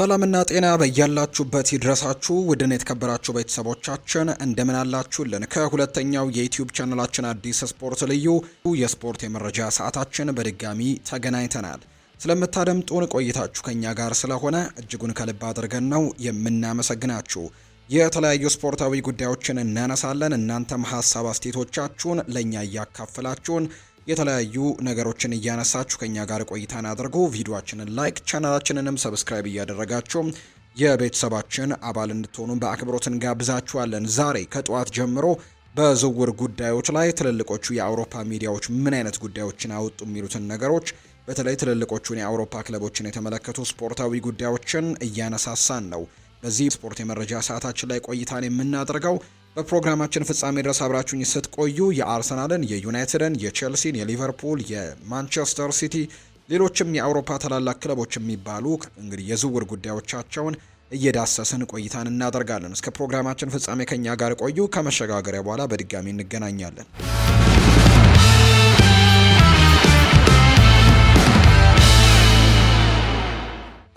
ሰላምና ጤና በያላችሁበት ይድረሳችሁ። ውድን የተከበራችሁ ቤተሰቦቻችን እንደምን አላችሁልን? ከሁለተኛው የዩትዩብ ቻናላችን አዲስ ስፖርት ልዩ የስፖርት የመረጃ ሰዓታችን በድጋሚ ተገናኝተናል። ስለምታደምጡን ቆይታችሁ ከኛ ጋር ስለሆነ እጅጉን ከልብ አድርገን ነው የምናመሰግናችሁ። የተለያዩ ስፖርታዊ ጉዳዮችን እናነሳለን። እናንተም ሀሳብ አስቴቶቻችሁን ለእኛ እያካፍላችሁን የተለያዩ ነገሮችን እያነሳችሁ ከኛ ጋር ቆይታን አድርጎ ቪዲዮችንን ላይክ ቻናላችንንም ሰብስክራይብ እያደረጋችሁ የቤተሰባችን አባል እንድትሆኑ በአክብሮት እንጋብዛችኋለን። ዛሬ ከጠዋት ጀምሮ በዝውውር ጉዳዮች ላይ ትልልቆቹ የአውሮፓ ሚዲያዎች ምን አይነት ጉዳዮችን አወጡ የሚሉትን ነገሮች በተለይ ትልልቆቹን የአውሮፓ ክለቦችን የተመለከቱ ስፖርታዊ ጉዳዮችን እያነሳሳን ነው። በዚህ ስፖርት የመረጃ ሰዓታችን ላይ ቆይታን የምናደርገው በፕሮግራማችን ፍጻሜ ድረስ አብራችሁኝ ስትቆዩ የአርሰናልን፣ የዩናይትድን፣ የቼልሲን፣ የሊቨርፑል፣ የማንቸስተር ሲቲ ሌሎችም የአውሮፓ ታላላቅ ክለቦች የሚባሉ እንግዲህ የዝውውር ጉዳዮቻቸውን እየዳሰስን ቆይታን እናደርጋለን። እስከ ፕሮግራማችን ፍጻሜ ከኛ ጋር ቆዩ። ከመሸጋገሪያ በኋላ በድጋሚ እንገናኛለን።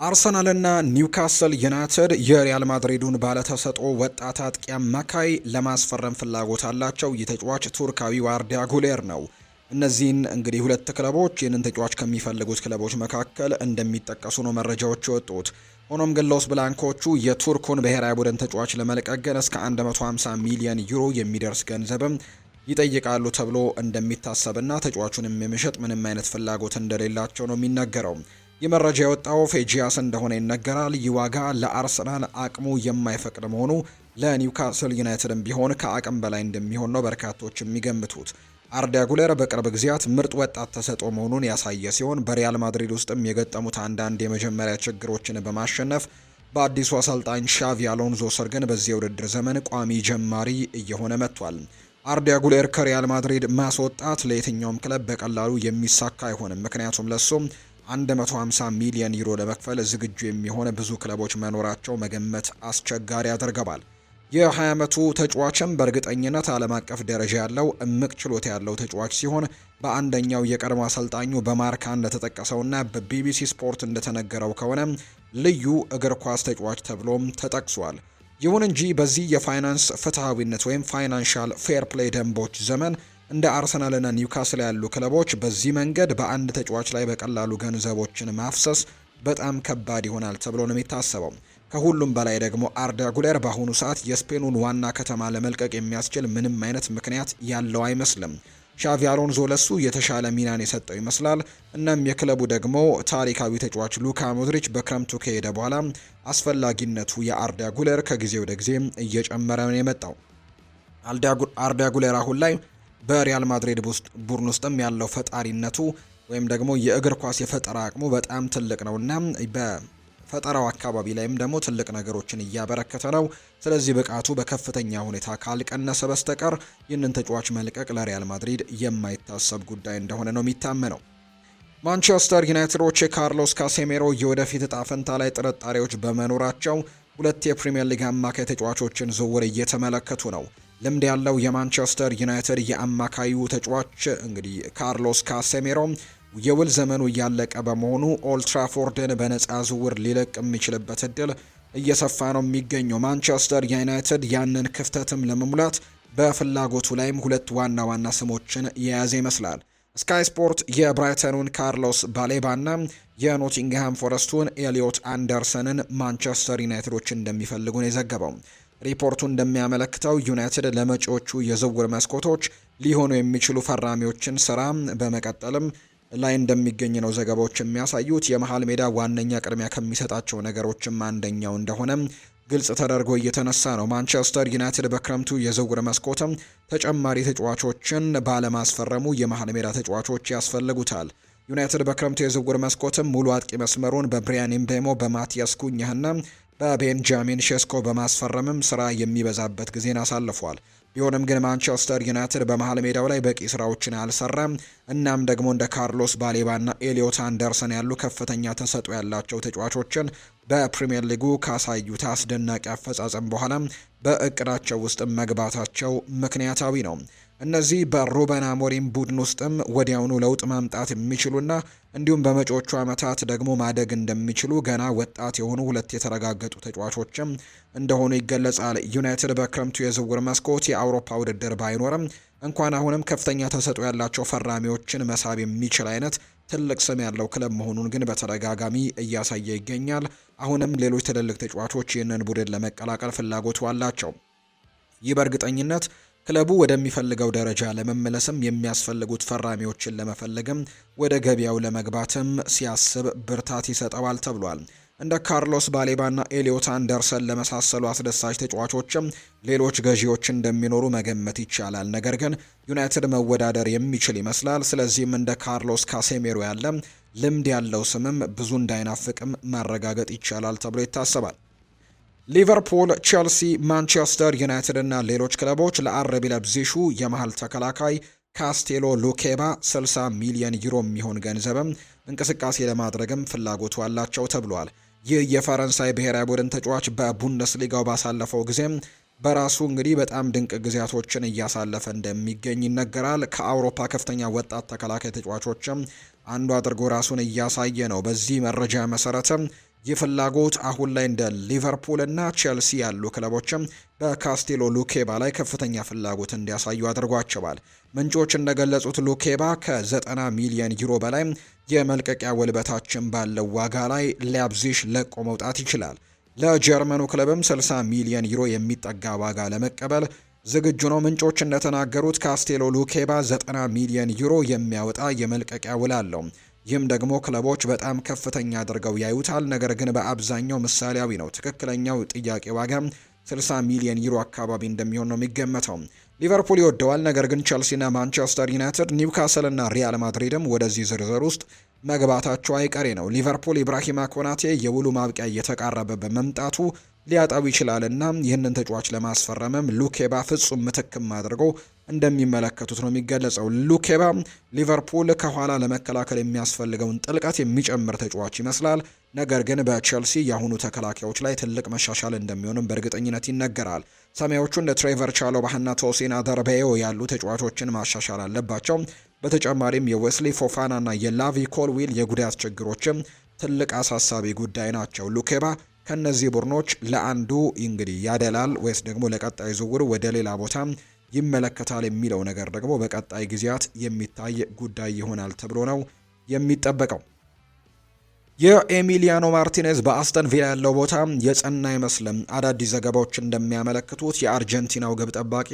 አርሰናልና ኒውካስል ዩናይትድ የሪያል ማድሪዱን ባለተሰጥኦ ወጣት አጥቂ አማካይ ለማስፈረም ፍላጎት አላቸው። ይህ ተጫዋች ቱርካዊ አርዳ ጉሌር ነው። እነዚህን እንግዲህ ሁለት ክለቦች ይህንን ተጫዋች ከሚፈልጉት ክለቦች መካከል እንደሚጠቀሱ ነው መረጃዎች የወጡት። ሆኖም ግን ሎስ ብላንኮቹ የቱርኩን ብሔራዊ ቡድን ተጫዋች ለመልቀቅ ግን እስከ 150 ሚሊዮን ዩሮ የሚደርስ ገንዘብም ይጠይቃሉ ተብሎ እንደሚታሰብና ተጫዋቹንም የመሸጥ ምንም አይነት ፍላጎት እንደሌላቸው ነው የሚነገረው። የመረጃ የወጣው ፌጂያስ እንደሆነ ይነገራል። ይህ ዋጋ ለአርሰናል አቅሙ የማይፈቅድ መሆኑ ለኒውካስል ዩናይትድም ቢሆን ከአቅም በላይ እንደሚሆን ነው በርካቶች የሚገምቱት። አርዳ ጉለር በቅርብ ጊዜያት ምርጥ ወጣት ተሰጥኦ መሆኑን ያሳየ ሲሆን በሪያል ማድሪድ ውስጥም የገጠሙት አንዳንድ የመጀመሪያ ችግሮችን በማሸነፍ በአዲሱ አሰልጣኝ ሻቪ አሎንዞ ስር ግን በዚህ የውድድር ዘመን ቋሚ ጀማሪ እየሆነ መጥቷል። አርዳ ጉለር ከሪያል ማድሪድ ማስወጣት ለየትኛውም ክለብ በቀላሉ የሚሳካ አይሆንም። ምክንያቱም ለሱም 150 ሚሊዮን ዩሮ ለመክፈል ዝግጁ የሚሆን ብዙ ክለቦች መኖራቸው መገመት አስቸጋሪ ያደርገዋል። የ20 ዓመቱ ተጫዋችም በእርግጠኝነት ዓለም አቀፍ ደረጃ ያለው እምቅ ችሎታ ያለው ተጫዋች ሲሆን በአንደኛው የቀድሞ አሰልጣኙ በማርካ እንደተጠቀሰውና በቢቢሲ ስፖርት እንደተነገረው ከሆነ ልዩ እግር ኳስ ተጫዋች ተብሎም ተጠቅሷል። ይሁን እንጂ በዚህ የፋይናንስ ፍትሐዊነት ወይም ፋይናንሻል ፌር ፕሌይ ደንቦች ዘመን እንደ አርሰናልና ኒውካስል ያሉ ክለቦች በዚህ መንገድ በአንድ ተጫዋች ላይ በቀላሉ ገንዘቦችን ማፍሰስ በጣም ከባድ ይሆናል ተብሎ ነው የሚታሰበው። ከሁሉም በላይ ደግሞ አርዳ ጉሌር በአሁኑ ሰዓት የስፔኑን ዋና ከተማ ለመልቀቅ የሚያስችል ምንም አይነት ምክንያት ያለው አይመስልም። ሻቪ አሎንዞ ለሱ የተሻለ ሚናን የሰጠው ይመስላል። እናም የክለቡ ደግሞ ታሪካዊ ተጫዋች ሉካ ሞድሪች በክረምቱ ከሄደ በኋላ አስፈላጊነቱ የአርዳ ጉሌር ከጊዜ ወደ ጊዜ እየጨመረ ነው የመጣው። አርዳ ጉሌር አሁን ላይ በሪያል ማድሪድ ቡድን ውስጥም ያለው ፈጣሪነቱ ወይም ደግሞ የእግር ኳስ የፈጠራ አቅሙ በጣም ትልቅ ነው እና በፈጠራው አካባቢ ላይም ደግሞ ትልቅ ነገሮችን እያበረከተ ነው። ስለዚህ ብቃቱ በከፍተኛ ሁኔታ ካልቀነሰ በስተቀር ይህንን ተጫዋች መልቀቅ ለሪያል ማድሪድ የማይታሰብ ጉዳይ እንደሆነ ነው የሚታመነው። ማንቸስተር ዩናይትዶች የካርሎስ ካሴሜሮ የወደፊት እጣ ፈንታ ላይ ጥርጣሬዎች በመኖራቸው ሁለት የፕሪምየር ሊግ አማካይ ተጫዋቾችን ዝውውር እየተመለከቱ ነው። ልምድ ያለው የማንቸስተር ዩናይትድ የአማካዩ ተጫዋች እንግዲህ ካርሎስ ካሴሜሮ የውል ዘመኑ እያለቀ በመሆኑ ኦልትራፎርድን በነፃ ዝውውር ሊለቅ የሚችልበት እድል እየሰፋ ነው የሚገኘው። ማንቸስተር ዩናይትድ ያንን ክፍተትም ለመሙላት በፍላጎቱ ላይም ሁለት ዋና ዋና ስሞችን የያዘ ይመስላል። ስካይ ስፖርት የብራይተኑን ካርሎስ ባሌባና የኖቲንግሃም ፎረስቱን ኤሊዮት አንደርሰንን ማንቸስተር ዩናይትዶች እንደሚፈልጉ ነው የዘገበው። ሪፖርቱ እንደሚያመለክተው ዩናይትድ ለመጪዎቹ የዝውውር መስኮቶች ሊሆኑ የሚችሉ ፈራሚዎችን ስራ በመቀጠልም ላይ እንደሚገኝ ነው ዘገባዎች የሚያሳዩት። የመሀል ሜዳ ዋነኛ ቅድሚያ ከሚሰጣቸው ነገሮችም አንደኛው እንደሆነም ግልጽ ተደርጎ እየተነሳ ነው። ማንቸስተር ዩናይትድ በክረምቱ የዝውውር መስኮትም ተጨማሪ ተጫዋቾችን ባለማስፈረሙ የመሀል ሜዳ ተጫዋቾች ያስፈልጉታል። ዩናይትድ በክረምቱ የዝውውር መስኮትም ሙሉ አጥቂ መስመሩን በብሪያን ምቤሞ፣ በማቲያስ ኩኛህና በቤንጃሚን ሼስኮ በማስፈረምም ስራ የሚበዛበት ጊዜን አሳልፏል። ቢሆንም ግን ማንቸስተር ዩናይትድ በመሀል ሜዳው ላይ በቂ ስራዎችን አልሰራም። እናም ደግሞ እንደ ካርሎስ ባሌባና ኤሊዮት አንደርሰን ያሉ ከፍተኛ ተሰጦ ያላቸው ተጫዋቾችን በፕሪምየር ሊጉ ካሳዩት አስደናቂ አፈጻጸም በኋላ በእቅዳቸው ውስጥ መግባታቸው ምክንያታዊ ነው። እነዚህ በሩበን አሞሪም ቡድን ውስጥም ወዲያውኑ ለውጥ ማምጣት የሚችሉና እንዲሁም በመጪዎቹ ዓመታት ደግሞ ማደግ እንደሚችሉ ገና ወጣት የሆኑ ሁለት የተረጋገጡ ተጫዋቾችም እንደሆኑ ይገለጻል። ዩናይትድ በክረምቱ የዝውውር መስኮት የአውሮፓ ውድድር ባይኖርም እንኳን አሁንም ከፍተኛ ተሰጥኦ ያላቸው ፈራሚዎችን መሳብ የሚችል አይነት ትልቅ ስም ያለው ክለብ መሆኑን ግን በተደጋጋሚ እያሳየ ይገኛል። አሁንም ሌሎች ትልልቅ ተጫዋቾች ይህንን ቡድን ለመቀላቀል ፍላጎቱ አላቸው። ይህ በእርግጠኝነት ክለቡ ወደሚፈልገው ደረጃ ለመመለስም የሚያስፈልጉት ፈራሚዎችን ለመፈለግም ወደ ገበያው ለመግባትም ሲያስብ ብርታት ይሰጠዋል ተብሏል። እንደ ካርሎስ ባሌባና ኤሊዮት አንደርሰን ለመሳሰሉ አስደሳች ተጫዋቾችም ሌሎች ገዢዎች እንደሚኖሩ መገመት ይቻላል። ነገር ግን ዩናይትድ መወዳደር የሚችል ይመስላል። ስለዚህም እንደ ካርሎስ ካሴሜሮ ያለ ልምድ ያለው ስምም ብዙ እንዳይናፍቅም ማረጋገጥ ይቻላል ተብሎ ይታሰባል። ሊቨርፑል፣ ቼልሲ፣ ማንቸስተር ዩናይትድ እና ሌሎች ክለቦች ለአረቢ ለብዚሹ የመሃል ተከላካይ ካስቴሎ ሉኬባ 60 ሚሊዮን ዩሮ የሚሆን ገንዘብም እንቅስቃሴ ለማድረግም ፍላጎቱ አላቸው ተብሏል። ይህ የፈረንሳይ ብሔራዊ ቡድን ተጫዋች በቡንደስሊጋው ባሳለፈው ጊዜም በራሱ እንግዲህ በጣም ድንቅ ጊዜያቶችን እያሳለፈ እንደሚገኝ ይነገራል። ከአውሮፓ ከፍተኛ ወጣት ተከላካይ ተጫዋቾችም አንዱ አድርጎ ራሱን እያሳየ ነው። በዚህ መረጃ መሰረትም ይህ ፍላጎት አሁን ላይ እንደ ሊቨርፑል እና ቼልሲ ያሉ ክለቦችም በካስቴሎ ሉኬባ ላይ ከፍተኛ ፍላጎት እንዲያሳዩ አድርጓቸዋል። ምንጮች እንደገለጹት ሉኬባ ከ90 ሚሊዮን ዩሮ በላይ የመልቀቂያ ወልበታችን ባለው ዋጋ ላይ ሊያብዚሽ ለቆ መውጣት ይችላል። ለጀርመኑ ክለብም 60 ሚሊዮን ዩሮ የሚጠጋ ዋጋ ለመቀበል ዝግጁ ነው። ምንጮች እንደተናገሩት ካስቴሎ ሉኬባ 90 ሚሊዮን ዩሮ የሚያወጣ የመልቀቂያ ውል አለው። ይህም ደግሞ ክለቦች በጣም ከፍተኛ አድርገው ያዩታል። ነገር ግን በአብዛኛው ምሳሌያዊ ነው። ትክክለኛው ጥያቄ ዋጋ 60 ሚሊዮን ዩሮ አካባቢ እንደሚሆን ነው የሚገመተው። ሊቨርፑል ይወደዋል። ነገር ግን ቸልሲና ማንቸስተር ዩናይትድ፣ ኒውካስል እና ሪያል ማድሪድም ወደዚህ ዝርዝር ውስጥ መግባታቸው አይቀሬ ነው። ሊቨርፑል ኢብራሂማ ኮናቴ የውሉ ማብቂያ እየተቃረበ በመምጣቱ ሊያጣው ይችላልና ይህንን ተጫዋች ለማስፈረምም ሉኬባ ፍጹም ምትክም አድርገው እንደሚመለከቱት ነው የሚገለጸው። ሉኬባ ሊቨርፑል ከኋላ ለመከላከል የሚያስፈልገውን ጥልቀት የሚጨምር ተጫዋች ይመስላል። ነገር ግን በቼልሲ የአሁኑ ተከላካዮች ላይ ትልቅ መሻሻል እንደሚሆንም በእርግጠኝነት ይነገራል። ሰማያዎቹ እንደ ትሬቨር ቻሎባህና ቶሲና ደርቤዮ ያሉ ተጫዋቾችን ማሻሻል አለባቸው። በተጨማሪም የዌስሊ ፎፋናና የላቪ ኮልዊል የጉዳት ችግሮችም ትልቅ አሳሳቢ ጉዳይ ናቸው። ሉኬባ ከእነዚህ ቡድኖች ለአንዱ እንግዲህ ያደላል ወይስ ደግሞ ለቀጣይ ዝውውር ወደ ሌላ ቦታ ይመለከታል የሚለው ነገር ደግሞ በቀጣይ ጊዜያት የሚታይ ጉዳይ ይሆናል ተብሎ ነው የሚጠበቀው። የኤሚሊያኖ ማርቲኔዝ በአስተን ቪላ ያለው ቦታ የጸና አይመስልም። አዳዲስ ዘገባዎች እንደሚያመለክቱት የአርጀንቲናው ግብ ጠባቂ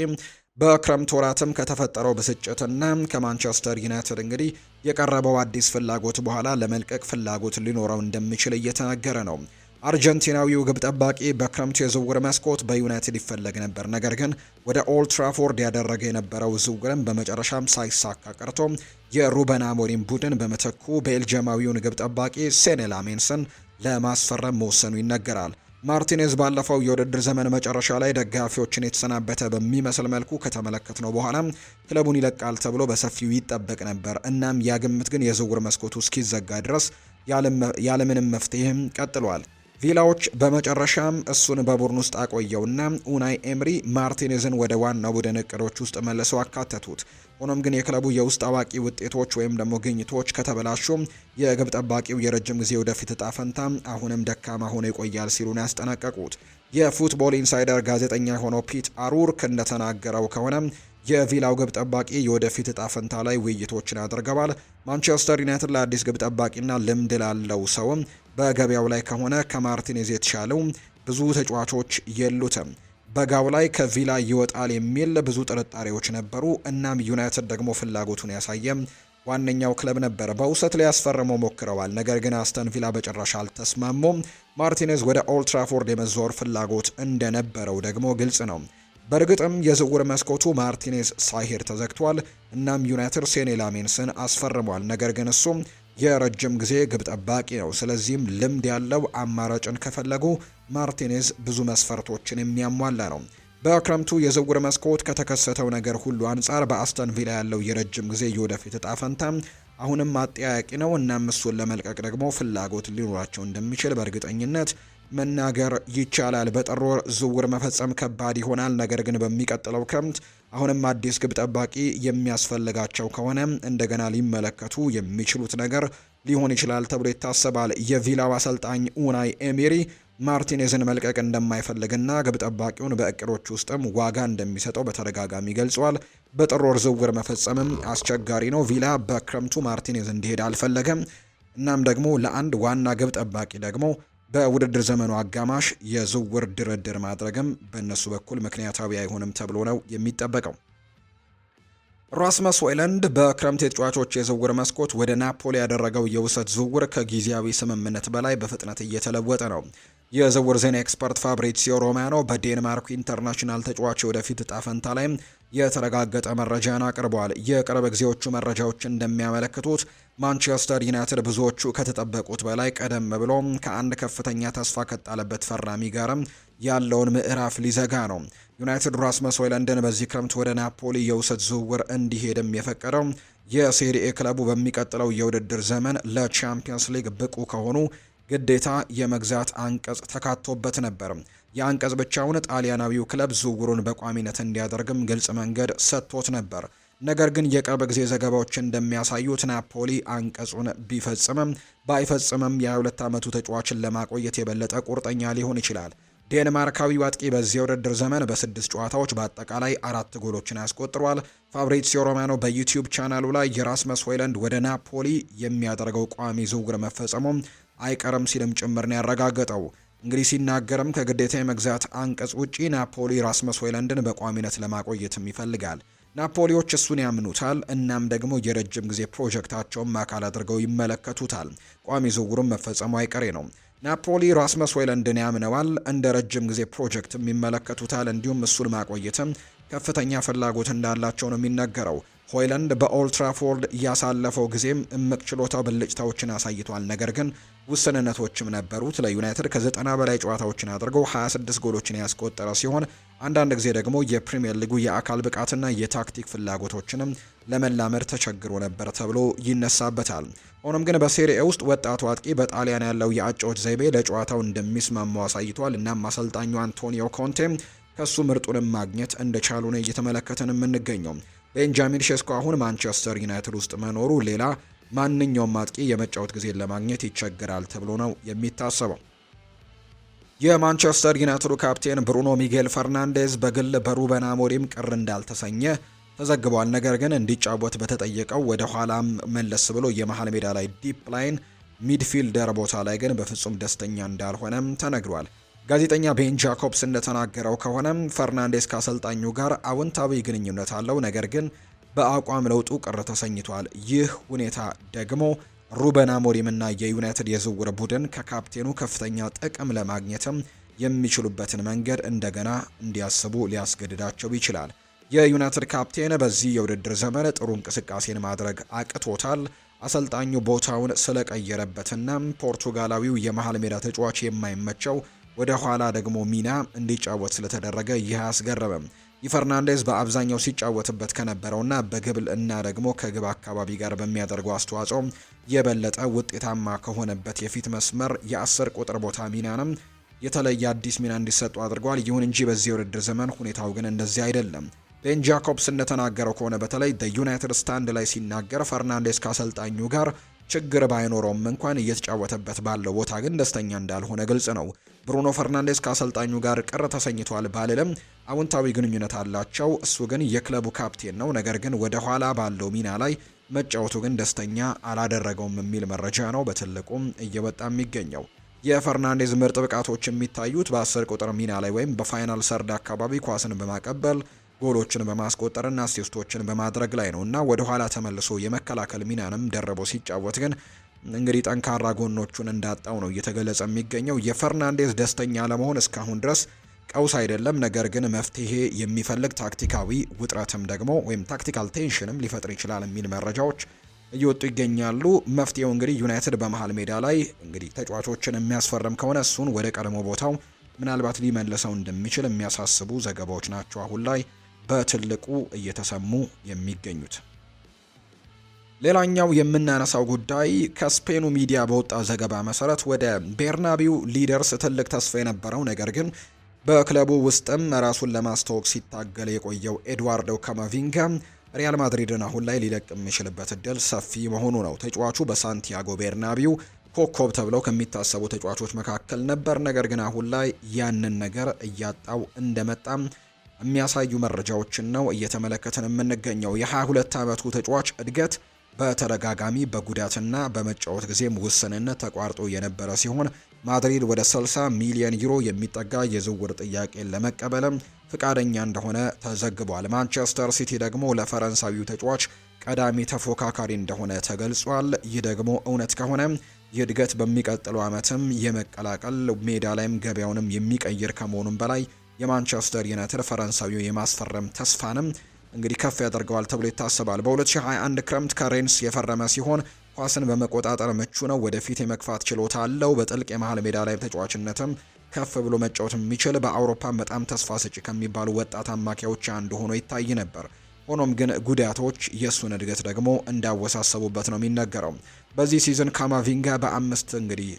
በክረምት ወራትም ከተፈጠረው ብስጭትና ከማንቸስተር ዩናይትድ እንግዲህ የቀረበው አዲስ ፍላጎት በኋላ ለመልቀቅ ፍላጎት ሊኖረው እንደሚችል እየተናገረ ነው። አርጀንቲናዊው ግብ ጠባቂ በክረምቱ የዝውውር መስኮት በዩናይትድ ይፈለግ ነበር። ነገር ግን ወደ ኦልትራፎርድ ያደረገ የነበረው ዝውውርም በመጨረሻም ሳይሳካ ቀርቶ የሩበን አሞሪም ቡድን በመተኩ ቤልጅየማዊውን ግብ ጠባቂ ሴኔ ለማስፈረም መወሰኑ ይነገራል። ማርቲኔዝ ባለፈው የውድድር ዘመን መጨረሻ ላይ ደጋፊዎችን የተሰናበተ በሚመስል መልኩ ከተመለከት ነው በኋላ ክለቡን ይለቃል ተብሎ በሰፊው ይጠበቅ ነበር። እናም ያ ግምት ግን የዝውውር መስኮቱ እስኪዘጋ ድረስ ያለምንም መፍትሄም ቀጥሏል። ቪላዎች በመጨረሻም እሱን በቡድን ውስጥ አቆየውና ኡናይ ኤምሪ ማርቲኔዝን ወደ ዋናው ቡድን እቅዶች ውስጥ መልሰው አካተቱት። ሆኖም ግን የክለቡ የውስጥ አዋቂ ውጤቶች ወይም ደግሞ ግኝቶች ከተበላሹ የግብ ጠባቂው የረጅም ጊዜ ወደፊት እጣ ፈንታ አሁንም ደካማ ሆኖ ይቆያል ሲሉ ነው ያስጠነቀቁት። የፉትቦል ኢንሳይደር ጋዜጠኛ የሆነው ፒት አሩርክ እንደተናገረው ከሆነ የቪላው ግብ ጠባቂ የወደፊት እጣ ፈንታ ላይ ውይይቶችን አድርገዋል። ማንቸስተር ዩናይትድ ለአዲስ ግብ ጠባቂና ልምድ ላለው ሰውም በገበያው ላይ ከሆነ ከማርቲኔዝ የተሻለው ብዙ ተጫዋቾች የሉትም። በጋው ላይ ከቪላ ይወጣል የሚል ብዙ ጥርጣሬዎች ነበሩ። እናም ዩናይትድ ደግሞ ፍላጎቱን ያሳየም ዋነኛው ክለብ ነበር። በውሰት ሊያስፈርመው ሞክረዋል፣ ነገር ግን አስተን ቪላ በጭራሽ አልተስማሙም። ማርቲኔዝ ወደ ኦልትራፎርድ የመዘወር ፍላጎት እንደነበረው ደግሞ ግልጽ ነው። በእርግጥም የዝውውር መስኮቱ ማርቲኔዝ ሳይሄድ ተዘግቷል። እናም ዩናይትድ ሴኔ ላሜንስን አስፈርሟል። ነገር ግን እሱም የረጅም ጊዜ ግብ ጠባቂ ነው። ስለዚህም ልምድ ያለው አማራጭን ከፈለጉ ማርቲኔዝ ብዙ መስፈርቶችን የሚያሟላ ነው። በክረምቱ የዝውውር መስኮት ከተከሰተው ነገር ሁሉ አንጻር በአስተን ቪላ ያለው የረጅም ጊዜ የወደፊት እጣ ፈንታ አሁንም አጠያያቂ ነው። እናም እሱን ለመልቀቅ ደግሞ ፍላጎት ሊኖራቸው እንደሚችል በእርግጠኝነት መናገር ይቻላል። በጥር ዝውር ዝውውር መፈጸም ከባድ ይሆናል። ነገር ግን በሚቀጥለው ክረምት አሁንም አዲስ ግብ ጠባቂ የሚያስፈልጋቸው ከሆነ እንደገና ሊመለከቱ የሚችሉት ነገር ሊሆን ይችላል ተብሎ ይታሰባል። የቪላው አሰልጣኝ ኡናይ ኤሚሪ ማርቲኔዝን መልቀቅ እንደማይፈልግና ግብ ጠባቂውን በእቅዶች ውስጥም ዋጋ እንደሚሰጠው በተደጋጋሚ ገልጿል። በጥር ወር ዝውውር መፈጸምም አስቸጋሪ ነው። ቪላ በክረምቱ ማርቲኔዝ እንዲሄድ አልፈለገም። እናም ደግሞ ለአንድ ዋና ግብ ጠባቂ ደግሞ በውድድር ዘመኑ አጋማሽ የዝውውር ድርድር ማድረግም በእነሱ በኩል ምክንያታዊ አይሆንም ተብሎ ነው የሚጠበቀው። ራስመስ ሆይለንድ በክረምት የተጫዋቾች የዝውውር መስኮት ወደ ናፖሊ ያደረገው የውሰት ዝውውር ከጊዜያዊ ስምምነት በላይ በፍጥነት እየተለወጠ ነው። የዝውውር ዜና ኤክስፐርት ፋብሪሲዮ ሮማኖ በዴንማርኩ ኢንተርናሽናል ተጫዋች ወደፊት እጣ ፈንታ ላይም የተረጋገጠ መረጃን አቅርበዋል። የቅርብ ጊዜዎቹ መረጃዎች እንደሚያመለክቱት ማንቸስተር ዩናይትድ ብዙዎቹ ከተጠበቁት በላይ ቀደም ብሎ ከአንድ ከፍተኛ ተስፋ ከጣለበት ፈራሚ ጋርም ያለውን ምዕራፍ ሊዘጋ ነው። ዩናይትድ ራስመስ ሆይሉንድን በዚህ ክረምት ወደ ናፖሊ የውሰት ዝውውር እንዲሄድም የፈቀደው የሴሪኤ ክለቡ በሚቀጥለው የውድድር ዘመን ለቻምፒየንስ ሊግ ብቁ ከሆኑ ግዴታ የመግዛት አንቀጽ ተካቶበት ነበር። የአንቀጽ ብቻውን ጣሊያናዊው ክለብ ዝውውሩን በቋሚነት እንዲያደርግም ግልጽ መንገድ ሰጥቶት ነበር። ነገር ግን የቅርብ ጊዜ ዘገባዎች እንደሚያሳዩት ናፖሊ አንቀጹን ቢፈጽምም ባይፈጽምም የ22 ዓመቱ ተጫዋችን ለማቆየት የበለጠ ቁርጠኛ ሊሆን ይችላል። ዴንማርካዊ አጥቂ በዚህ ውድድር ዘመን በስድስት ጨዋታዎች በአጠቃላይ አራት ጎሎችን አስቆጥሯል። ፋብሪዚዮ ሮማኖ በዩቲዩብ ቻናሉ ላይ የራስመስ ሆይለንድ ወደ ናፖሊ የሚያደርገው ቋሚ ዝውውር መፈጸሙም አይቀርም ሲልም ጭምር ነው ያረጋገጠው። እንግዲህ ሲናገርም ከግዴታ የመግዛት አንቀጽ ውጪ ናፖሊ ራስመስ ሆይለንድን በቋሚነት ለማቆየትም ይፈልጋል። ናፖሊዎች እሱን ያምኑታል። እናም ደግሞ የረጅም ጊዜ ፕሮጀክታቸውን አካል አድርገው ይመለከቱታል። ቋሚ ዝውውሩን መፈጸሙ አይቀሬ ነው። ናፖሊ ራስመስ ሆይለንድን ያምነዋል፣ እንደ ረጅም ጊዜ ፕሮጀክትም ይመለከቱታል። እንዲሁም እሱን ማቆየትም ከፍተኛ ፍላጎት እንዳላቸው ነው የሚነገረው። ሆይላንድ በኦልትራፎርድ ያሳለፈው ጊዜም እምቅ ችሎታው ብልጭታዎችን አሳይቷል። ነገር ግን ውስንነቶችም ነበሩት። ለዩናይትድ ከ በላይ ጨዋታዎችን አድርገው 26 ጎሎችን ያስቆጠረ ሲሆን አንዳንድ ጊዜ ደግሞ የፕሪምየር ሊጉ የአካል ብቃትና የታክቲክ ፍላጎቶችንም ለመላመድ ተቸግሮ ነበር ተብሎ ይነሳበታል። ሆኖም ግን በሴሪኤ ውስጥ ወጣቱ አጥቂ በጣሊያን ያለው የአጫዎች ዘይቤ ለጨዋታው እንደሚስማማው አሳይቷል። እናም አሰልጣኙ አንቶኒዮ ኮንቴ ከሱ ምርጡንም ማግኘት እንደቻሉ ነው እየተመለከተን የምንገኘው። ቤንጃሚን ሼስኮ አሁን ማንቸስተር ዩናይትድ ውስጥ መኖሩ ሌላ ማንኛውም አጥቂ የመጫወት ጊዜን ለማግኘት ይቸገራል ተብሎ ነው የሚታሰበው። የማንቸስተር ዩናይትዱ ካፕቴን ብሩኖ ሚጌል ፈርናንዴዝ በግል በሩበን አሞሪም ቅር እንዳልተሰኘ ተዘግቧል። ነገር ግን እንዲጫወት በተጠየቀው ወደ ኋላም መለስ ብሎ የመሃል ሜዳ ላይ ዲፕ ላይን ሚድፊልደር ቦታ ላይ ግን በፍጹም ደስተኛ እንዳልሆነም ተነግሯል። ጋዜጠኛ ቤን ጃኮብስ እንደተናገረው ከሆነ ፈርናንዴስ ከአሰልጣኙ ጋር አዎንታዊ ግንኙነት አለው፣ ነገር ግን በአቋም ለውጡ ቅር ተሰኝቷል። ይህ ሁኔታ ደግሞ ሩበን አሞሪምና የዩናይትድ የዝውውር ቡድን ከካፕቴኑ ከፍተኛ ጥቅም ለማግኘትም የሚችሉበትን መንገድ እንደገና እንዲያስቡ ሊያስገድዳቸው ይችላል። የዩናይትድ ካፕቴን በዚህ የውድድር ዘመን ጥሩ እንቅስቃሴን ማድረግ አቅቶታል። አሰልጣኙ ቦታውን ስለቀየረበትና ፖርቱጋላዊው የመሃል ሜዳ ተጫዋች የማይመቸው ወደ ኋላ ደግሞ ሚና እንዲጫወት ስለተደረገ ይህ አስገረመም። ይፈርናንዴዝ በአብዛኛው ሲጫወትበት ከነበረውና በግብል እና ደግሞ ከግብ አካባቢ ጋር በሚያደርገው አስተዋጽኦ የበለጠ ውጤታማ ከሆነበት የፊት መስመር የአስር ቁጥር ቦታ ሚናንም የተለየ አዲስ ሚና እንዲሰጡ አድርጓል። ይሁን እንጂ በዚህ የውድድር ዘመን ሁኔታው ግን እንደዚህ አይደለም። ቤን ጃኮብስ እንደተናገረው ከሆነ በተለይ በዩናይትድ ስታንድ ላይ ሲናገር ፈርናንዴስ ከአሰልጣኙ ጋር ችግር ባይኖረውም እንኳን እየተጫወተበት ባለው ቦታ ግን ደስተኛ እንዳልሆነ ግልጽ ነው። ብሩኖ ፈርናንዴስ ከአሰልጣኙ ጋር ቅር ተሰኝቷል ባልልም አውንታዊ ግንኙነት አላቸው። እሱ ግን የክለቡ ካፕቴን ነው። ነገር ግን ወደ ኋላ ባለው ሚና ላይ መጫወቱ ግን ደስተኛ አላደረገውም የሚል መረጃ ነው በትልቁም እየወጣ የሚገኘው። የፈርናንዴዝ ምርጥ ብቃቶች የሚታዩት በአስር ቁጥር ሚና ላይ ወይም በፋይናል ሰርድ አካባቢ ኳስን በማቀበል ጎሎችን በማስቆጠርና አሲስቶችን በማድረግ ላይ ነው እና ወደ ኋላ ተመልሶ የመከላከል ሚናንም ደርቦ ሲጫወት ግን እንግዲህ ጠንካራ ጎኖቹን እንዳጣው ነው እየተገለጸ የሚገኘው። የፈርናንዴዝ ደስተኛ ለመሆን እስካሁን ድረስ ቀውስ አይደለም፣ ነገር ግን መፍትሄ የሚፈልግ ታክቲካዊ ውጥረትም ደግሞ ወይም ታክቲካል ቴንሽንም ሊፈጥር ይችላል የሚል መረጃዎች እየወጡ ይገኛሉ። መፍትሄው እንግዲህ ዩናይትድ በመሀል ሜዳ ላይ እንግዲህ ተጫዋቾችን የሚያስፈርም ከሆነ እሱን ወደ ቀድሞ ቦታው ምናልባት ሊመልሰው እንደሚችል የሚያሳስቡ ዘገባዎች ናቸው አሁን ላይ በትልቁ እየተሰሙ የሚገኙት። ሌላኛው የምናነሳው ጉዳይ ከስፔኑ ሚዲያ በወጣ ዘገባ መሰረት ወደ ቤርናቢው ሊደርስ ትልቅ ተስፋ የነበረው ነገር ግን በክለቡ ውስጥም ራሱን ለማስተዋወቅ ሲታገል የቆየው ኤድዋርዶ ካማቪንጋ ሪያል ማድሪድን አሁን ላይ ሊለቅ የሚችልበት እድል ሰፊ መሆኑ ነው። ተጫዋቹ በሳንቲያጎ ቤርናቢው ኮከብ ተብለው ከሚታሰቡ ተጫዋቾች መካከል ነበር። ነገር ግን አሁን ላይ ያንን ነገር እያጣው እንደመጣም የሚያሳዩ መረጃዎችን ነው እየተመለከትን የምንገኘው። የ22 ዓመቱ ተጫዋች እድገት በተደጋጋሚ በጉዳትና በመጫወት ጊዜም ውስንነት ተቋርጦ የነበረ ሲሆን ማድሪድ ወደ 60 ሚሊዮን ዩሮ የሚጠጋ የዝውውር ጥያቄን ለመቀበልም ፍቃደኛ እንደሆነ ተዘግቧል። ማንቸስተር ሲቲ ደግሞ ለፈረንሳዊው ተጫዋች ቀዳሚ ተፎካካሪ እንደሆነ ተገልጿል። ይህ ደግሞ እውነት ከሆነ የእድገት በሚቀጥለው ዓመትም የመቀላቀል ሜዳ ላይም ገበያውንም የሚቀይር ከመሆኑም በላይ የማንቸስተር ዩናይትድ ፈረንሳዊው የማስፈረም ተስፋንም እንግዲህ ከፍ ያደርገዋል ተብሎ ይታሰባል። በ2021 ክረምት ከሬንስ የፈረመ ሲሆን ኳስን በመቆጣጠር ምቹ ነው። ወደፊት የመግፋት ችሎታ አለው። በጥልቅ የመሃል ሜዳ ላይ ተጫዋችነትም ከፍ ብሎ መጫወት የሚችል በአውሮፓ በጣም ተስፋ ሰጪ ከሚባሉ ወጣት አማካዮች አንዱ ሆኖ ይታይ ነበር። ሆኖም ግን ጉዳቶች የእሱን እድገት ደግሞ እንዳወሳሰቡበት ነው የሚነገረው። በዚህ ሲዝን ካማቪንጋ በአምስት እንግዲህ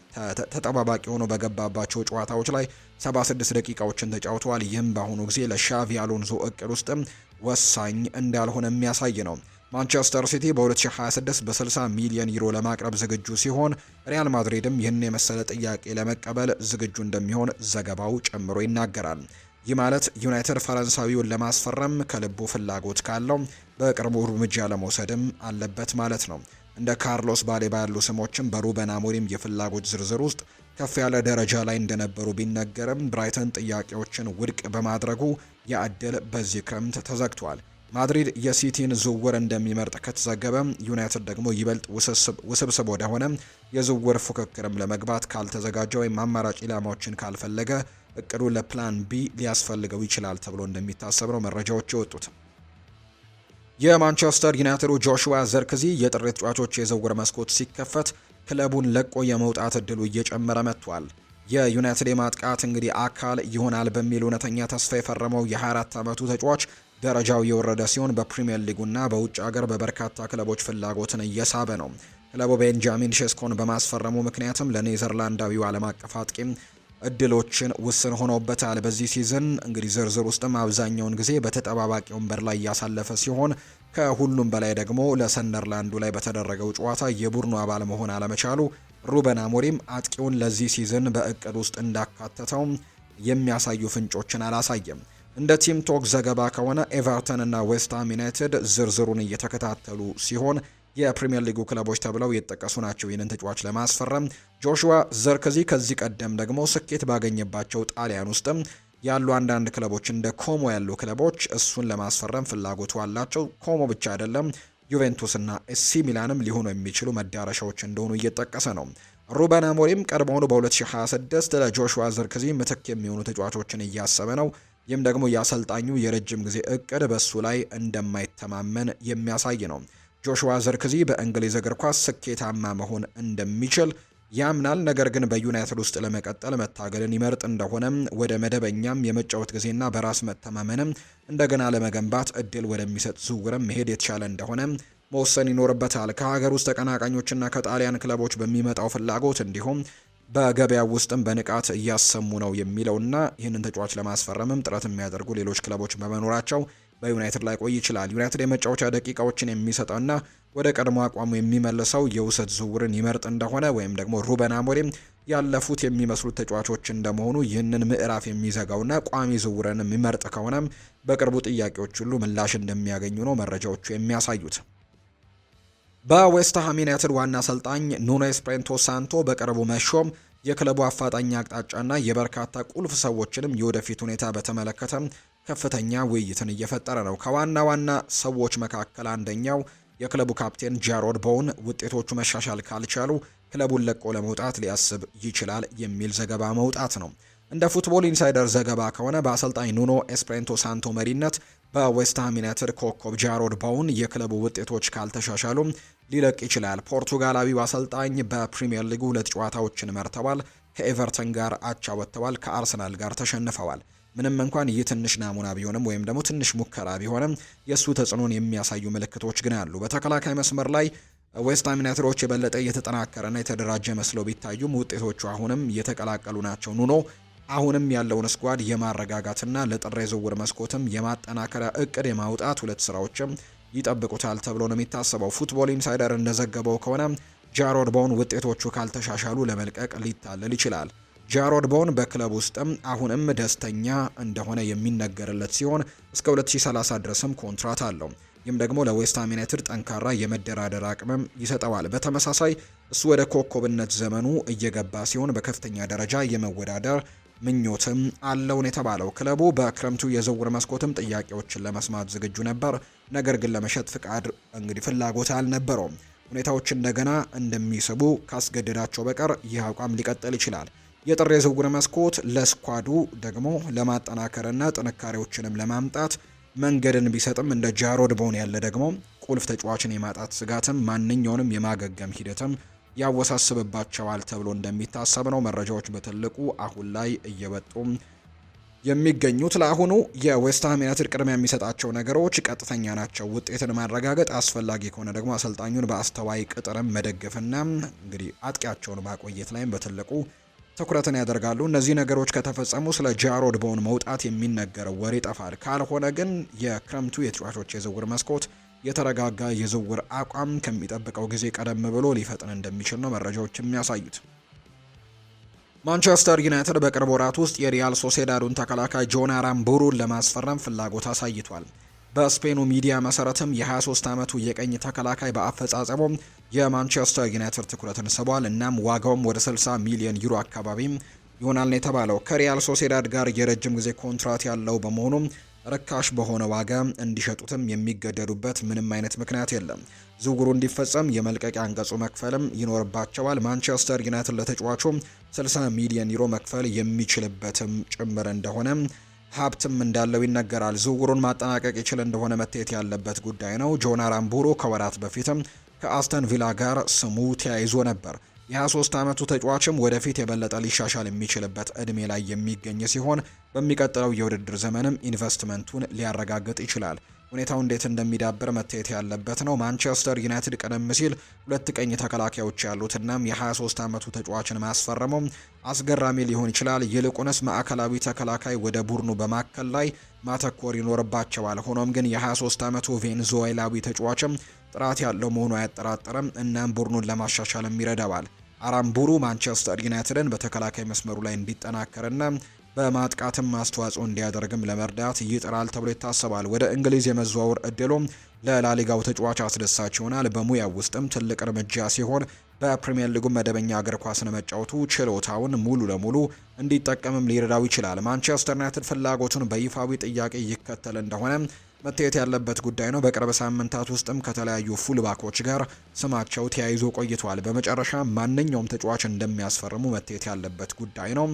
ተጠባባቂ ሆኖ በገባባቸው ጨዋታዎች ላይ 76 ደቂቃዎችን ተጫውተዋል። ይህም በአሁኑ ጊዜ ለሻቪ አሎንዞ እቅድ ውስጥም ወሳኝ እንዳልሆነ የሚያሳይ ነው። ማንቸስተር ሲቲ በ2026 በ60 ሚሊዮን ዩሮ ለማቅረብ ዝግጁ ሲሆን ሪያል ማድሪድም ይህን የመሰለ ጥያቄ ለመቀበል ዝግጁ እንደሚሆን ዘገባው ጨምሮ ይናገራል። ይህ ማለት ዩናይትድ ፈረንሳዊውን ለማስፈረም ከልቡ ፍላጎት ካለው በቅርቡ እርምጃ ለመውሰድም አለበት ማለት ነው። እንደ ካርሎስ ባሌባ ያሉ ስሞችም በሩበን አሞሪም የፍላጎት ዝርዝር ውስጥ ከፍ ያለ ደረጃ ላይ እንደነበሩ ቢነገርም ብራይተን ጥያቄዎችን ውድቅ በማድረጉ የእድል በዚህ ክረምት ተዘግቷል። ማድሪድ የሲቲን ዝውውር እንደሚመርጥ ከተዘገበ ዩናይትድ ደግሞ ይበልጥ ውስብስብ ወደሆነ የዝውውር ፉክክርም ለመግባት ካልተዘጋጀ ወይም አማራጭ ኢላማዎችን ካልፈለገ እቅዱ ለፕላን ቢ ሊያስፈልገው ይችላል ተብሎ እንደሚታሰብ ነው መረጃዎች የወጡት። የማንቸስተር ዩናይትዱ ጆሹዋ ዘርክዚ የጥር ተጫዋቾች የዝውውር መስኮት ሲከፈት ክለቡን ለቆ የመውጣት እድሉ እየጨመረ መጥቷል። የዩናይትድ የማጥቃት እንግዲህ አካል ይሆናል በሚል እውነተኛ ተስፋ የፈረመው የ24 ዓመቱ ተጫዋች ደረጃው የወረደ ሲሆን በፕሪምየር ሊጉና በውጭ ሀገር በበርካታ ክለቦች ፍላጎትን እየሳበ ነው። ክለቡ ቤንጃሚን ሼስኮን በማስፈረሙ ምክንያትም ለኔዘርላንዳዊው ዓለም አቀፍ አጥቂም እድሎችን ውስን ሆኖበታል። በዚህ ሲዝን እንግዲህ ዝርዝር ውስጥም አብዛኛውን ጊዜ በተጠባባቂ ወንበር ላይ እያሳለፈ ሲሆን ከሁሉም በላይ ደግሞ ለሰንደርላንዱ ላይ በተደረገው ጨዋታ የቡድኑ አባል መሆን አለመቻሉ ሩበን አሞሪም አጥቂውን ለዚህ ሲዝን በእቅድ ውስጥ እንዳካተተው የሚያሳዩ ፍንጮችን አላሳየም። እንደ ቲም ቶክ ዘገባ ከሆነ ኤቨርተን እና ዌስትሃም ዩናይትድ ዝርዝሩን እየተከታተሉ ሲሆን የፕሪምየር ሊጉ ክለቦች ተብለው የጠቀሱ ናቸው። ይህንን ተጫዋች ለማስፈረም ጆሹዋ ዘርክዚ ከዚህ ቀደም ደግሞ ስኬት ባገኘባቸው ጣሊያን ውስጥም ያሉ አንዳንድ ክለቦች እንደ ኮሞ ያሉ ክለቦች እሱን ለማስፈረም ፍላጎቱ አላቸው። ኮሞ ብቻ አይደለም፣ ዩቬንቱስና ኤሲ ሚላንም ሊሆኑ የሚችሉ መዳረሻዎች እንደሆኑ እየጠቀሰ ነው። ሩበን አሞሪም ቀድሞውኑ በ2026 ለጆሹዋ ዘርክዚ ምትክ የሚሆኑ ተጫዋቾችን እያሰበ ነው። ይህም ደግሞ የአሰልጣኙ የረጅም ጊዜ እቅድ በእሱ ላይ እንደማይተማመን የሚያሳይ ነው። ጆሹዋ ዘርክዚ በእንግሊዝ እግር ኳስ ስኬታማ መሆን እንደሚችል ያምናል። ነገር ግን በዩናይትድ ውስጥ ለመቀጠል መታገልን ይመርጥ እንደሆነም ወደ መደበኛም የመጫወት ጊዜና በራስ መተማመንም እንደገና ለመገንባት እድል ወደሚሰጥ ዝውውርም መሄድ የተሻለ እንደሆነ መወሰን ይኖርበታል። ከሀገር ውስጥ ተቀናቃኞችና ከጣሊያን ክለቦች በሚመጣው ፍላጎት እንዲሁም በገበያ ውስጥም በንቃት እያሰሙ ነው የሚለውና ይህንን ተጫዋች ለማስፈረምም ጥረት የሚያደርጉ ሌሎች ክለቦች በመኖራቸው በዩናይትድ ላይ ቆይ ይችላል። ዩናይትድ የመጫወቻ ደቂቃዎችን የሚሰጠውና ወደ ቀድሞ አቋሙ የሚመልሰው የውሰት ዝውውርን ይመርጥ እንደሆነ ወይም ደግሞ ሩበን አሞሪም ያለፉት የሚመስሉት ተጫዋቾች እንደመሆኑ ይህንን ምዕራፍ የሚዘጋውና ቋሚ ዝውውርን የሚመርጥ ከሆነም በቅርቡ ጥያቄዎች ሁሉ ምላሽ እንደሚያገኙ ነው መረጃዎቹ የሚያሳዩት። በዌስትሃም ዩናይትድ ዋና አሰልጣኝ ኑኖ ኤስፕሬንቶ ሳንቶ በቅርቡ መሾም የክለቡ አፋጣኝ አቅጣጫና የበርካታ ቁልፍ ሰዎችንም የወደፊት ሁኔታ በተመለከተ ከፍተኛ ውይይትን እየፈጠረ ነው። ከዋና ዋና ሰዎች መካከል አንደኛው የክለቡ ካፕቴን ጃሮድ ቦውን ውጤቶቹ መሻሻል ካልቻሉ ክለቡን ለቆ ለመውጣት ሊያስብ ይችላል የሚል ዘገባ መውጣት ነው። እንደ ፉትቦል ኢንሳይደር ዘገባ ከሆነ በአሰልጣኝ ኑኖ ኤስፕሬንቶ ሳንቶ መሪነት በዌስትሃም ዩናይትድ ኮከብ ጃሮድ ቦውን የክለቡ ውጤቶች ካልተሻሻሉ ሊለቅ ይችላል። ፖርቱጋላዊው አሰልጣኝ በፕሪምየር ሊጉ ሁለት ጨዋታዎችን መርተዋል። ከኤቨርተን ጋር አቻ ወጥተዋል። ከአርሰናል ጋር ተሸንፈዋል። ምንም እንኳን ይህ ትንሽ ናሙና ቢሆንም ወይም ደግሞ ትንሽ ሙከራ ቢሆንም የእሱ ተጽዕኖን የሚያሳዩ ምልክቶች ግን አሉ። በተከላካይ መስመር ላይ ዌስትሃም ዩናይትዶች የበለጠ የተጠናከረና የተደራጀ መስለው ቢታዩም ውጤቶቹ አሁንም እየተቀላቀሉ ናቸው። ኑኖ አሁንም ያለውን ስኳድ የማረጋጋትና ለጥር የዝውውር መስኮትም የማጠናከሪያ እቅድ የማውጣት ሁለት ስራዎችም ይጠብቁታል ተብሎ ነው የሚታሰበው። ፉትቦል ኢንሳይደር እንደዘገበው ከሆነ ጃሮድ ቦን ውጤቶቹ ካልተሻሻሉ ለመልቀቅ ሊታለል ይችላል። ጃሮድ ቦን በክለብ ውስጥም አሁንም ደስተኛ እንደሆነ የሚነገርለት ሲሆን እስከ 2030 ድረስም ኮንትራት አለው። ይህም ደግሞ ለዌስትሃም ዩናይትድ ጠንካራ የመደራደር አቅምም ይሰጠዋል። በተመሳሳይ እሱ ወደ ኮከብነት ዘመኑ እየገባ ሲሆን በከፍተኛ ደረጃ የመወዳደር ምኞትም አለውን የተባለው ክለቡ በክረምቱ የዝውውር መስኮትም ጥያቄዎችን ለመስማት ዝግጁ ነበር። ነገር ግን ለመሸጥ ፍቃድ እንግዲህ ፍላጎት አልነበረውም። ሁኔታዎች እንደገና እንደሚስቡ ካስገደዳቸው በቀር ይህ አቋም ሊቀጥል ይችላል። የጥር የዝውውር መስኮት ለስኳዱ ደግሞ ለማጠናከርና ጥንካሬዎችንም ለማምጣት መንገድን ቢሰጥም እንደ ጃሮድ ቦን ያለ ደግሞ ቁልፍ ተጫዋችን የማጣት ስጋትም ማንኛውንም የማገገም ሂደትም ያወሳስብባቸዋል ተብሎ እንደሚታሰብ ነው መረጃዎች በትልቁ አሁን ላይ እየወጡ የሚገኙት። ለአሁኑ የዌስትሃም ዩናይትድ ቅድሚያ የሚሰጣቸው ነገሮች ቀጥተኛ ናቸው። ውጤትን ማረጋገጥ አስፈላጊ ከሆነ ደግሞ አሰልጣኙን በአስተዋይ ቅጥርም መደገፍና እንግዲህ አጥቂያቸውን ማቆየት ላይም በትልቁ ትኩረትን ያደርጋሉ። እነዚህ ነገሮች ከተፈጸሙ ስለ ጃሮድ ቦወን መውጣት የሚነገረው ወሬ ይጠፋል። ካልሆነ ግን የክረምቱ የተጫዋቾች የዝውውር መስኮት የተረጋጋ የዝውውር አቋም ከሚጠብቀው ጊዜ ቀደም ብሎ ሊፈጥን እንደሚችል ነው መረጃዎች የሚያሳዩት። ማንቸስተር ዩናይትድ በቅርብ ወራት ውስጥ የሪያል ሶሴዳዱን ተከላካይ ጆን አራምቡሩን ለማስፈረም ፍላጎት አሳይቷል። በስፔኑ ሚዲያ መሰረትም የ23 ዓመቱ የቀኝ ተከላካይ በአፈጻጸሙም የማንቸስተር ዩናይትድ ትኩረትን ስቧል። እናም ዋጋውም ወደ 60 ሚሊዮን ዩሮ አካባቢም ይሆናል ነው የተባለው። ከሪያል ሶሴዳድ ጋር የረጅም ጊዜ ኮንትራት ያለው በመሆኑም ርካሽ በሆነ ዋጋ እንዲሸጡትም የሚገደዱበት ምንም አይነት ምክንያት የለም። ዝውውሩ እንዲፈጸም የመልቀቂያ አንቀጹ መክፈልም ይኖርባቸዋል። ማንቸስተር ዩናይትድ ለተጫዋቹ 60 ሚሊዮን ዩሮ መክፈል የሚችልበትም ጭምር እንደሆነ ሀብትም እንዳለው ይነገራል። ዝውውሩን ማጠናቀቅ ይችል እንደሆነ መታየት ያለበት ጉዳይ ነው። ጆን ከወራት በፊትም ከአስተን ቪላ ጋር ስሙ ተያይዞ ነበር። የ23 ዓመቱ ተጫዋችም ወደፊት የበለጠ ሊሻሻል የሚችልበት ዕድሜ ላይ የሚገኝ ሲሆን በሚቀጥለው የውድድር ዘመንም ኢንቨስትመንቱን ሊያረጋግጥ ይችላል። ሁኔታው እንዴት እንደሚዳብር መታየት ያለበት ነው። ማንቸስተር ዩናይትድ ቀደም ሲል ሁለት ቀኝ ተከላካዮች ያሉት እናም የ23 ዓመቱ ተጫዋችን ማስፈረመው አስገራሚ ሊሆን ይችላል። ይልቁንስ ማዕከላዊ ተከላካይ ወደ ቡድኑ በማከል ላይ ማተኮር ይኖርባቸዋል። ሆኖም ግን የ23 ዓመቱ ቬንዙዌላዊ ተጫዋችም ጥራት ያለው መሆኑ አያጠራጥርም። እናም ቡድኑን ለማሻሻልም ይረዳዋል። አራምቡሩ ማንቸስተር ዩናይትድን በተከላካይ መስመሩ ላይ እንዲጠናከርና በማጥቃትም አስተዋጽኦ እንዲያደርግም ለመርዳት ይጥራል ተብሎ ይታሰባል። ወደ እንግሊዝ የመዘዋወር እድሉም ለላሊጋው ተጫዋች አስደሳች ይሆናል። በሙያው ውስጥም ትልቅ እርምጃ ሲሆን በፕሪምየር ሊጉ መደበኛ እግር ኳስን መጫወቱ ችሎታውን ሙሉ ለሙሉ እንዲጠቀምም ሊረዳው ይችላል። ማንቸስተር ዩናይትድ ፍላጎቱን በይፋዊ ጥያቄ ይከተል እንደሆነ መታየት ያለበት ጉዳይ ነው። በቅርብ ሳምንታት ውስጥም ከተለያዩ ፉልባኮች ጋር ስማቸው ተያይዞ ቆይቷል። በመጨረሻ ማንኛውም ተጫዋች እንደሚያስፈርሙ መታየት ያለበት ጉዳይ ነው።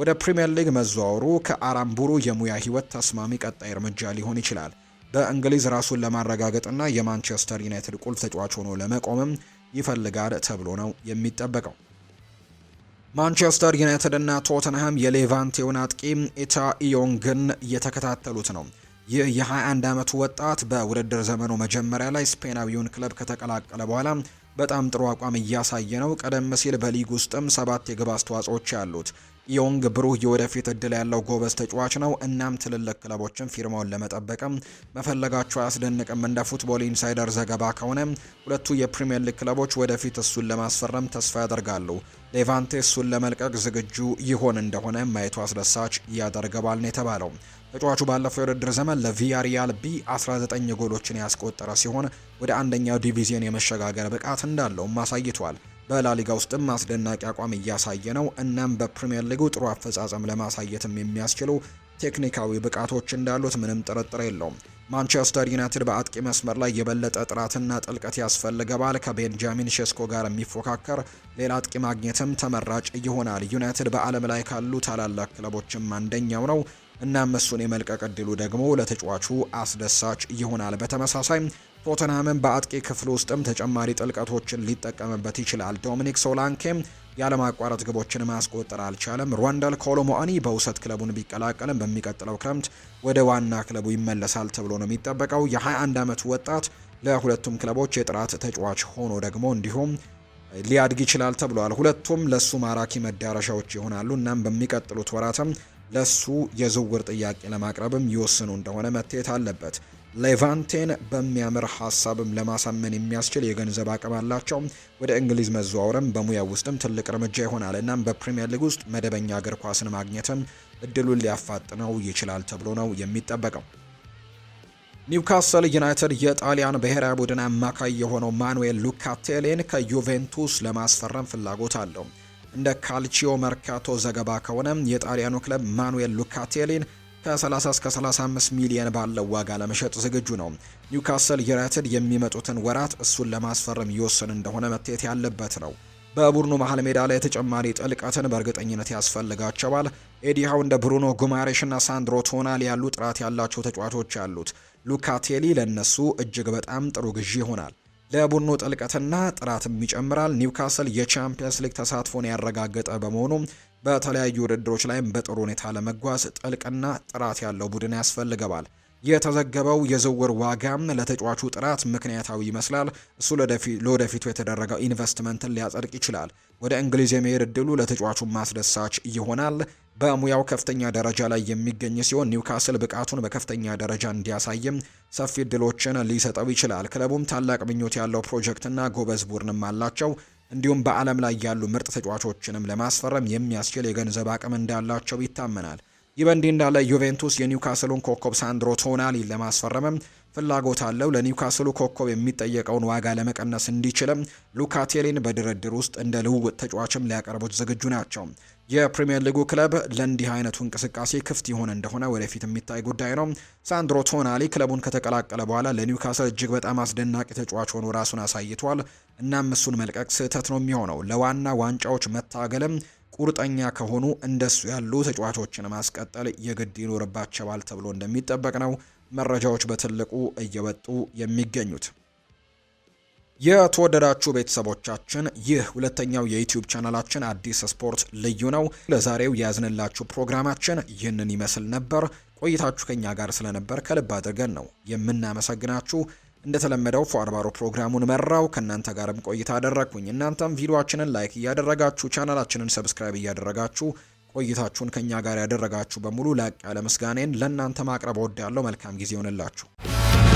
ወደ ፕሪምየር ሊግ መዘዋወሩ ከአራምቡሩ የሙያ ህይወት ተስማሚ ቀጣይ እርምጃ ሊሆን ይችላል። በእንግሊዝ ራሱን ለማረጋገጥና የማንቸስተር ዩናይትድ ቁልፍ ተጫዋች ሆኖ ለመቆምም ይፈልጋል ተብሎ ነው የሚጠበቀው። ማንቸስተር ዩናይትድ እና ቶተንሃም የሌቫንቴውን አጥቂ ኢታ ኢዮንግን እየተከታተሉት ነው። ይህ የ21 ዓመቱ ወጣት በውድድር ዘመኑ መጀመሪያ ላይ ስፔናዊውን ክለብ ከተቀላቀለ በኋላ በጣም ጥሩ አቋም እያሳየ ነው። ቀደም ሲል በሊግ ውስጥም ሰባት የግብ አስተዋጽኦች ያሉት ዮንግ ብሩህ የወደፊት እድል ያለው ጎበዝ ተጫዋች ነው። እናም ትልልቅ ክለቦችን ፊርማውን ለመጠበቅም መፈለጋቸው አያስደንቅም። እንደ ፉትቦል ኢንሳይደር ዘገባ ከሆነ ሁለቱ የፕሪምየር ሊግ ክለቦች ወደፊት እሱን ለማስፈረም ተስፋ ያደርጋሉ። ሌቫንቴ እሱን ለመልቀቅ ዝግጁ ይሆን እንደሆነ ማየቱ አስደሳች ያደርገባል ነው የተባለው። ተጫዋቹ ባለፈው የውድድር ዘመን ለቪያሪያል ቢ 19 ጎሎችን ያስቆጠረ ሲሆን ወደ አንደኛው ዲቪዚየን የመሸጋገር ብቃት እንዳለውም አሳይቷል። በላሊጋ ውስጥም አስደናቂ አቋም እያሳየ ነው። እናም በፕሪምየር ሊጉ ጥሩ አፈጻጸም ለማሳየትም የሚያስችሉ ቴክኒካዊ ብቃቶች እንዳሉት ምንም ጥርጥር የለውም። ማንቸስተር ዩናይትድ በአጥቂ መስመር ላይ የበለጠ ጥራትና ጥልቀት ያስፈልገዋል። ከቤንጃሚን ሼስኮ ጋር የሚፎካከር ሌላ አጥቂ ማግኘትም ተመራጭ ይሆናል። ዩናይትድ በዓለም ላይ ካሉ ታላላቅ ክለቦችም አንደኛው ነው። እናም እሱን የመልቀቅ እድሉ ደግሞ ለተጫዋቹ አስደሳች ይሆናል። በተመሳሳይ ቶተናምን በአጥቂ ክፍል ውስጥም ተጨማሪ ጥልቀቶችን ሊጠቀምበት ይችላል። ዶሚኒክ ሶላንኬም ያለማቋረጥ ግቦችን ማስቆጠር አልቻለም። ሩዋንዳል ኮሎሞአኒ በውሰት ክለቡን ቢቀላቀልም በሚቀጥለው ክረምት ወደ ዋና ክለቡ ይመለሳል ተብሎ ነው የሚጠበቀው። የ21 ዓመቱ ወጣት ለሁለቱም ክለቦች የጥራት ተጫዋች ሆኖ ደግሞ እንዲሁም ሊያድግ ይችላል ተብሏል። ሁለቱም ለሱ ማራኪ መዳረሻዎች ይሆናሉ። እናም በሚቀጥሉት ወራትም ለሱ የዝውውር ጥያቄ ለማቅረብም ይወስኑ እንደሆነ መታየት አለበት። ሌቫንቴን በሚያምር ሀሳብም ለማሳመን የሚያስችል የገንዘብ አቅም አላቸው። ወደ እንግሊዝ መዘዋወርም በሙያው ውስጥም ትልቅ እርምጃ ይሆናል። እናም በፕሪምየር ሊግ ውስጥ መደበኛ እግር ኳስን ማግኘትም እድሉን ሊያፋጥነው ይችላል ተብሎ ነው የሚጠበቀው። ኒውካስል ዩናይትድ የጣሊያን ብሔራዊ ቡድን አማካይ የሆነው ማኑኤል ሉካቴሌን ከዩቬንቱስ ለማስፈረም ፍላጎት አለው። እንደ ካልቺዮ መርካቶ ዘገባ ከሆነ የጣሊያኑ ክለብ ማኑኤል ሉካቴሌን ከ30 እስከ 35 ሚሊየን ባለው ዋጋ ለመሸጥ ዝግጁ ነው። ኒውካስል ዩናይትድ የሚመጡትን ወራት እሱን ለማስፈረም ይወስን እንደሆነ መታየት ያለበት ነው። በቡድኑ መሀል ሜዳ ላይ ተጨማሪ ጥልቀትን በእርግጠኝነት ያስፈልጋቸዋል። ኤዲሃው እንደ ብሩኖ ጉማሬሽና ሳንድሮ ቶናል ያሉ ጥራት ያላቸው ተጫዋቾች አሉት ሉካቴሊ ለነሱ እጅግ በጣም ጥሩ ግዢ ይሆናል። ለቡድኑ ጥልቀትና ጥራትም ይጨምራል። ኒውካስል የቻምፒየንስ ሊግ ተሳትፎን ያረጋገጠ በመሆኑ በተለያዩ ውድድሮች ላይም በጥሩ ሁኔታ ለመጓዝ ጥልቅና ጥራት ያለው ቡድን ያስፈልገዋል። የተዘገበው የዝውውር ዋጋም ለተጫዋቹ ጥራት ምክንያታዊ ይመስላል። እሱ ለወደፊቱ የተደረገው ኢንቨስትመንትን ሊያጸድቅ ይችላል። ወደ እንግሊዝ የመሄድ እድሉ ማስደሳች ይሆናል። በሙያው ከፍተኛ ደረጃ ላይ የሚገኝ ሲሆን ኒውካስል ብቃቱን በከፍተኛ ደረጃ እንዲያሳይም ሰፊ እድሎችን ሊሰጠው ይችላል። ክለቡም ታላቅ ምኞት ያለው ፕሮጀክትና ጎበዝ ቡድንም አላቸው። እንዲሁም በዓለም ላይ ያሉ ምርጥ ተጫዋቾችንም ለማስፈረም የሚያስችል የገንዘብ አቅም እንዳላቸው ይታመናል። ይህ በእንዲህ እንዳለ ዩቬንቱስ የኒውካስሉን ኮከብ ሳንድሮ ቶናሊን ለማስፈረምም ፍላጎት አለው። ለኒውካስሉ ኮከብ የሚጠየቀውን ዋጋ ለመቀነስ እንዲችልም ሉካቴሊን በድርድር ውስጥ እንደ ልውውጥ ተጫዋችም ሊያቀርቡት ዝግጁ ናቸው። የፕሪምየር ሊጉ ክለብ ለእንዲህ አይነቱ እንቅስቃሴ ክፍት ይሆን እንደሆነ ወደፊት የሚታይ ጉዳይ ነው። ሳንድሮ ቶናሊ ክለቡን ከተቀላቀለ በኋላ ለኒውካስል እጅግ በጣም አስደናቂ ተጫዋች ሆኖ ራሱን አሳይቷል። እናም እሱን መልቀቅ ስህተት ነው የሚሆነው። ለዋና ዋንጫዎች መታገልም ቁርጠኛ ከሆኑ እንደሱ ያሉ ተጫዋቾችን ማስቀጠል የግድ ይኖርባቸዋል ተብሎ እንደሚጠበቅ ነው። መረጃዎች በትልቁ እየወጡ የሚገኙት። የተወደዳችሁ ቤተሰቦቻችን ይህ ሁለተኛው የዩትዩብ ቻናላችን አዲስ ስፖርት ልዩ ነው። ለዛሬው የያዝንላችሁ ፕሮግራማችን ይህንን ይመስል ነበር። ቆይታችሁ ከኛ ጋር ስለነበር ከልብ አድርገን ነው የምናመሰግናችሁ። እንደተለመደው ፎአርባሮ ፕሮግራሙን መራው፣ ከእናንተ ጋርም ቆይታ አደረግኩኝ። እናንተም ቪዲዮችንን ላይክ እያደረጋችሁ ቻናላችንን ሰብስክራይብ እያደረጋችሁ ቆይታችሁን ከኛ ጋር ያደረጋችሁ በሙሉ ላቅ ያለ ምስጋናዬን ለእናንተ ማቅረብ ወዳለሁ። መልካም ጊዜ ይሆንላችሁ።